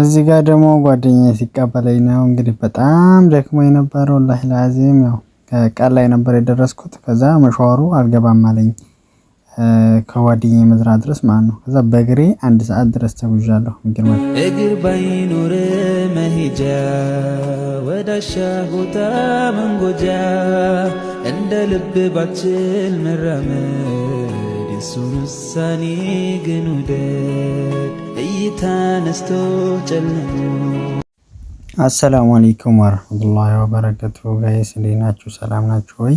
እዚህ ጋር ደግሞ ጓደኛዬ ሲቀበለኝ ነው እንግዲህ በጣም ደክሞ የነበረው ወላሂ ላዚም ያው ቀን ላይ ነበር የደረስኩት። ከዛ መሻወሩ አልገባም አለኝ ከጓደኛዬ መዝራ ድረስ ማለት ነው። ከዛ በእግሬ አንድ ሰዓት ድረስ ተጉዣለሁ። እግር ባይኖር መሄጃ ወዳሻ ቦታ መንጎጃ እንደ ልብ ባችል መራመድ የሱን ውሳኔ ግን ውደድ እይታ ነስቶ አሰላሙ አለይኩም ወረህመቱላሂ ወበረከቱ። ጋይስ እንዴት ናችሁ? ሰላም ናችሁ ወይ?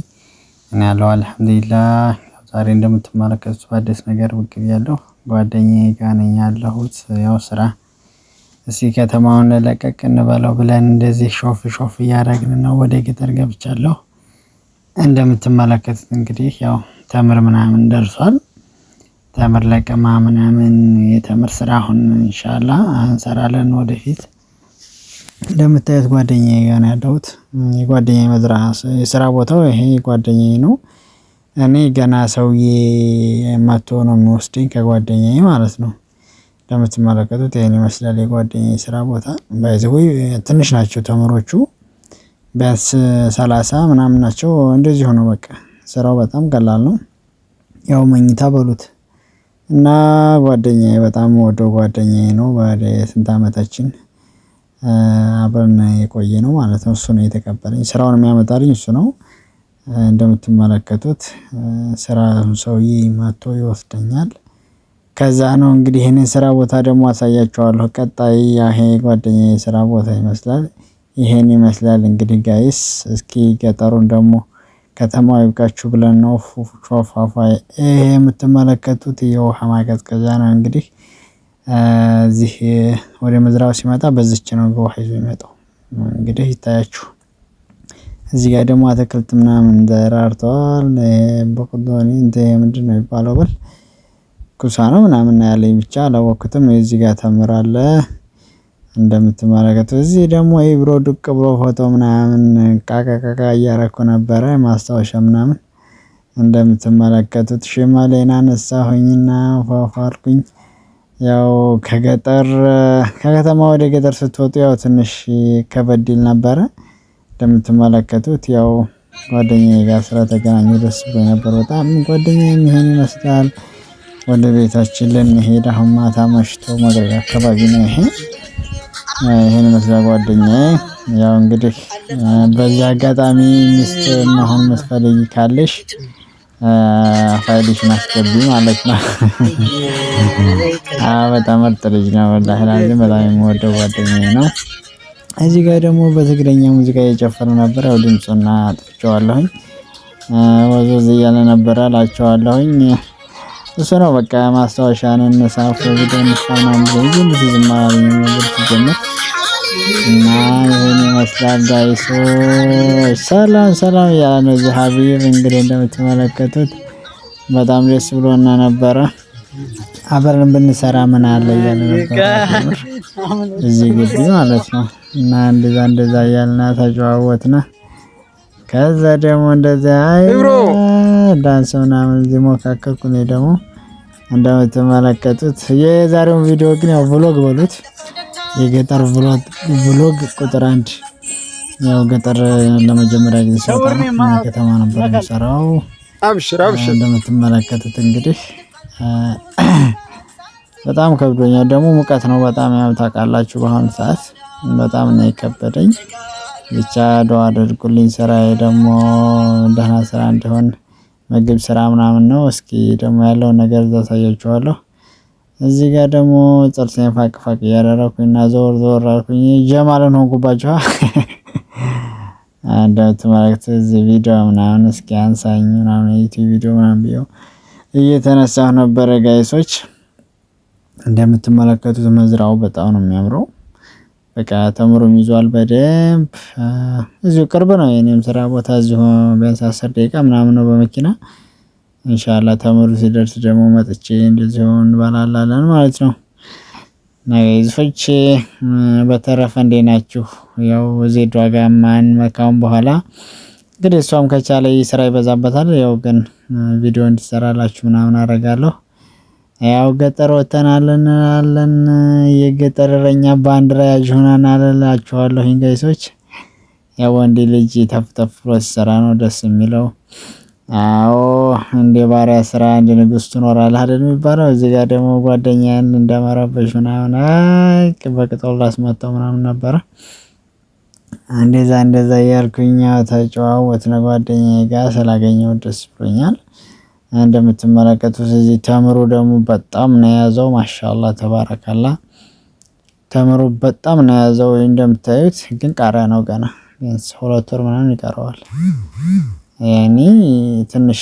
እኔ ያለው አልሐምዱሊላህ። ዛሬ እንደምትመለከቱ አዲስ ነገር ብቅ ብያለሁ። ጓደኛዬ ጋር ነኝ ያለሁት። ያው ስራ እስኪ ከተማውን ለቀቅ እንበለው ብለን እንደዚህ ሾፍ ሾፍ እያደረግን ነው። ወደ ገጠር ገብቻለሁ። እንደምትመለከቱት እንግዲህ ያው ተምር ምናምን ደርሷል። ተምር ለቀማ ምናምን የተምር ስራ አሁን እንሻላ እንሰራለን ወደፊት። እንደምታዩት ጓደኛ ጋር ያለሁት። የጓደኛዬ መዝራ የስራ ቦታው ይሄ ጓደኛዬ ነው። እኔ ገና ሰውዬ መቶ ነው የሚወስደኝ ከጓደኛ ማለት ነው። እንደምትመለከቱት ይህን ይመስላል የጓደኛ የስራ ቦታ። ባይዘወይ ትንሽ ናቸው ተምሮቹ ቢያንስ ሰላሳ ምናምን ናቸው። እንደዚህ ሆኖ በቃ ስራው በጣም ቀላል ነው። ያው መኝታ በሉት እና ጓደኛዬ በጣም የምወደው ጓደኛዬ ነው ስንት አመታችን አብረን ነው ማለት ነው። እሱ ነው የተቀበለኝ ስራውን የሚያመጣልኝ እሱ ነው። እንደምትመለከቱት ስራ ሰውዬ መቶ ይወስደኛል። ከዛ ነው እንግዲህ ይህንን ስራ ቦታ ደግሞ አሳያችኋለሁ ቀጣይ ይሄ ጓደኛ ስራ ቦታ ይመስላል። ይሄን ይመስላል እንግዲህ ጋይስ እስኪ ገጠሩን ደግሞ ከተማ ይብቃችሁ ብለን ነው። ፏፏ ይሄ የምትመለከቱት የውሃ ማቀዝቀዣ ነው። እንግዲህ እዚህ ወደ መዝራው ሲመጣ በዚች ነው ውሃ ይዞ ይመጣው። እንግዲህ ይታያችሁ። እዚህ ጋር ደግሞ አትክልት ምናምን ዘራርተዋል። በቁዶኒ እንደ ምንድን ነው የሚባለው በል ኩሳ ነው ምናምን ያለኝ ብቻ አላወኩትም። እዚህ ጋር ተምራለ እንደምትመለከቱ እዚህ ደግሞ ይህ ብሎ ዱቅ ብሎ ፎቶ ምናምን ቃቃቃቃ እያረኩ ነበረ ማስታወሻ ምናምን እንደምትመለከቱት ሽመሌና ነሳሁኝና ፏፏልኩኝ። ያው ከገጠር ከከተማ ወደ ገጠር ስትወጡ ያው ትንሽ ከበድል ነበረ። እንደምትመለከቱት ያው ጓደኛ ጋር ተገናኙ። ደስ ብሎ ነበር በጣም ጓደኛ የሚሆን ይመስላል። ወደ ቤታችን ልንሄድ አሁን ማታ መሽቶ መግረግ አካባቢ ነው ይሄ ይህን መስላ ጓደኛዬ። ያው እንግዲህ በዚህ አጋጣሚ ሚስት መሆን መስፈልይ ካለሽ ፋይልሽን አስገቢ ማለት ነው። በጣም ምርጥ ልጅ ነው። ላህላዚ በጣም የምወደው ጓደኛዬ ነው። እዚህ ጋር ደግሞ በትግረኛ ሙዚቃ እየጨፈረ ነበር። ያው ድምፁና አጥፍቼዋለሁኝ። ወዘዝ እያለ ነበረ እላቸዋለሁኝ። እሱ ነው በቃ ማስታወሻ ነው። እነሳፍ ቪዲዮን ስታናም ብዙ ብዙ ዝማሪ ነገር ሲጀምር እና ይህን ይመስላል ጋይሶች። ሰላም ሰላም እያለ ነው እዚህ ሀቢብ እንግዲህ እንደምትመለከቱት በጣም ደስ ብሎና ነበረ። አብረን ብንሰራ ምን አለ እያለ ነበረ እዚህ ግቢ ማለት ነው። እና እንደዛ እንደዛ እያልና ተጨዋወትና ከዛ ደግሞ እንደዚያ አይ ዳንስ ምናምን እየሞካከልኩ እኔ ደግሞ እንደምትመለከቱት የዛሬውን ቪዲዮ ግን ያው ቭሎግ በሉት የገጠር ቭሎግ ቁጥር አንድ ያው ገጠር ለመጀመሪያ ጊዜ ሲወጣ ከተማ ነበር የሚሰራው። አብሽር አብሽር እንደምትመለከቱት እንግዲህ በጣም ከብዶኛል። ደግሞ ሙቀት ነው በጣም ያው ታውቃላችሁ፣ በአሁኑ ሰዓት በጣም ነው የከበደኝ። ብቻ ዶ አድርጉልኝ ስራዬ ደግሞ ደህና ስራ እንዲሆን ምግብ ስራ ምናምን ነው። እስኪ ደግሞ ያለውን ነገር እዛ አሳያችኋለሁ። እዚህ ጋር ደግሞ ጥርሴን ፋቅፋቅ እያደረኩኝ እና ዞር ዞር አልኩኝ ጀማልን ሆንኩባችኋ። እንደምትመለከቱት እዚህ ቪዲዮ ምናምን እስኪ አንሳኝ ምናምን ዩቲዩብ ቪዲዮ ምናምን ብየው እየተነሳሁ ነበረ ጋይሶች። እንደምትመለከቱት መዝራው በጣም ነው የሚያምረው። በቃ ተምሩም ይዟል በደንብ እዚሁ ቅርብ ነው። የኔም ስራ ቦታ እዚሁ ቢያንስ አስር ደቂቃ ምናምን ነው በመኪና እንሻላ። ተምሩ ሲደርስ ደግሞ መጥቼ እንደዚሁ እንበላላለን ማለት ነው። ነገይዞች በተረፈ እንዴ ናችሁ? ያው ዜድ ዋጋ ማን መካውን በኋላ እንግዲህ እሷም ከቻለ ስራ ይበዛበታል። ያው ግን ቪዲዮ እንዲሰራላችሁ ምናምን አደርጋለሁ። ያው ገጠር ወጥተናል እንላለን የገጠረኛ ባንዲራ ያዥ ሆነናል እላችኋለሁ ጋይሶች። ያው ወንድ ልጅ ተፍተፍ ብሎ ሲሰራ ነው ደስ የሚለው። አዎ እንደ ባሪያ ስራ እንደ ንጉሥ ትኖራለህ አይደል የሚባለው። እዚህ ጋር ደግሞ ጓደኛዬን እንደመረበሽ ምናምን በቅጠሉ ላስመታው ምናምን ነበረ። እንደዛ እንደዛ እያልኩኝ ተጨዋወትን ጓደኛዬ ጋር ስላገኘው ደስ ብሎኛል። እንደምትመለከቱት እዚህ ተምሩ ደግሞ በጣም ነው የያዘው። ማሻላ ተባረካላ። ተምሩ በጣም ነው የያዘው። እንደምታዩት ግን ቃሪያ ነው ገና ሁለት ወር ምናምን ይቀረዋል። ያኔ ትንሽ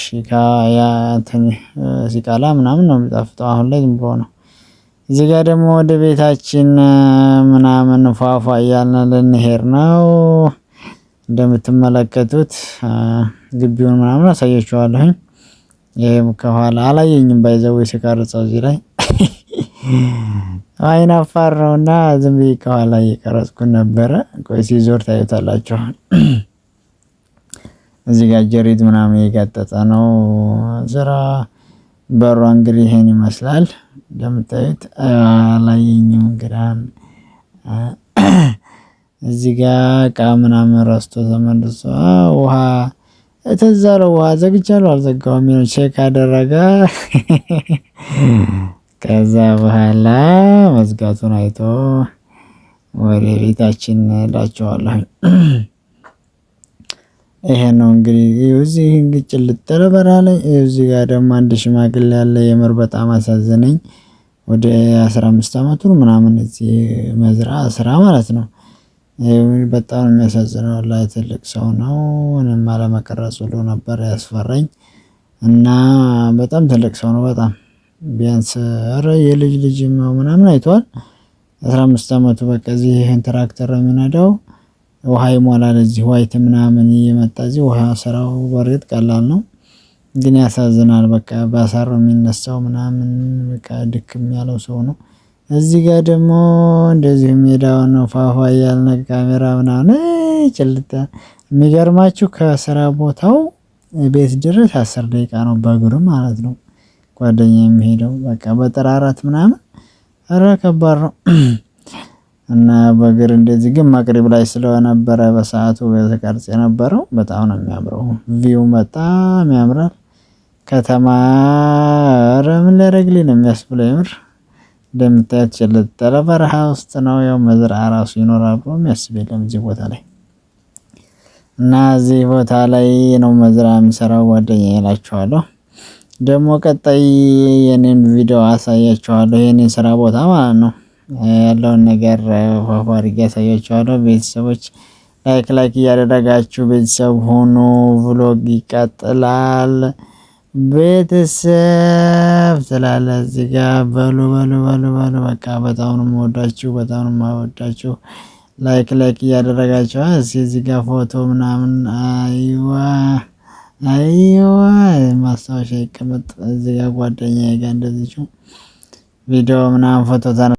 ሲቃላ ምናምን ነው የሚጣፍጠው። አሁን ላይ ዝም ብሎ ነው። እዚህ ጋር ደግሞ ወደ ቤታችን ምናምን ፏፏ እያልን ልንሄድ ነው። እንደምትመለከቱት ግቢውን ምናምን አሳያችኋለሁኝ። ይህም ከኋላ አላየኝም ባይዘው ሲቀርጸው እዚህ ላይ አይን አፋር ነው እና ዝም ብዬ ከኋላ እየቀረጽኩን ነበረ። ቆይ ሲዞር ታዩታላችኋል። እዚህ ጋር ጀሪት ምናምን እየጋጠጠ ነው ስራ በሯ እንግዲህ ይሄን ይመስላል። እንደምታዩት አላየኝም እንግዳን እዚህ ጋር እቃ ምናምን ረስቶ ተመልሶ ውሃ የተዛለው ውሃ ዘግቻለሁ አልዘጋው የሚሆን ቼክ አደረገ። ከዛ በኋላ መዝጋቱን አይቶ ወደ ቤታችን ላቸዋለሁ። ይሄ ነው እንግዲህ እዚህ እንግጭ ልጠለ እዚህ ጋር ደግሞ አንድ ሽማግሌ ያለ የምር በጣም አሳዘነኝ። ወደ አስራ አምስት አመቱን ምናምን እዚህ መዝራ ስራ ማለት ነው ይሄ በጣም የሚያሳዝነው ላይ ትልቅ ሰው ነው ምንም አለመቀረጽ ብሎ ነበር ያስፈራኝ። እና በጣም ትልቅ ሰው ነው በጣም ቢያንስ ኧረ የልጅ ልጅ ምናምን አይተዋል። አስራ አምስት ዓመቱ በቃ እዚህ ይሄን ትራክተር የሚነዳው ውሃ ይሞላል እዚህ ዋይት ምናምን እየመጣ እዚህ ውሃ ስራው በርግጥ ቀላል ነው። ግን ያሳዝናል በቃ በአሳራው የሚነሳው ምናምን በቃ ድክም ያለው ሰው ነው እዚህ ጋር ደግሞ እንደዚሁ ሜዳውን ነው ፏፏ እያልን ካሜራ ምናምን ጭልጥ የሚገርማችሁ ከስራ ቦታው ቤት ድረስ አስር ደቂቃ ነው በእግሩ ማለት ነው። ጓደኛ የሚሄደው በቃ በጠራራት ምናምን ኧረ ከባድ ነው። እና በእግር እንደዚህ ግን መቅሪብ ላይ ስለነበረ በሰዓቱ በተቀርጽ የነበረው በጣም ነው የሚያምረው። ቪው በጣም ያምራል። ከተማ ኧረ ምን ሊያደርግልኝ ነው የሚያስብለው የምር እንደምታያት ጀለጠረ በረሃ ውስጥ ነው። ያው መዝራ ራሱ ይኖራል ብሎ የሚያስብ የለም እዚህ ቦታ ላይ እና እዚህ ቦታ ላይ ነው መዝራ የሚሰራው ጓደኛ ይላችኋለሁ። ደግሞ ቀጣይ የኔን ቪዲዮ አሳያችኋለሁ፣ የኔን ስራ ቦታ ማለት ነው ያለውን ነገር ፏፏሪግ ያሳያችኋለሁ። ቤተሰቦች ላይክ ላይክ እያደረጋችሁ ቤተሰብ ሆኖ ቭሎግ ይቀጥላል። ቤተሰብ ስላለ እዚህ ጋር በሉ በሉ በሉ በሉ በቃ በጣም ነው የምወዳችሁ፣ በጣም ነው የማወዳችሁ። ላይክ ላይክ እያደረጋችሁ እስኪ እዚህ ጋር ፎቶ ምናምን አይዋ አይዋ ማስታወሻ ይቀመጥ እዚህ ጋር ጓደኛ ጋር እንደዚችው ቪዲዮ ምናምን ፎቶ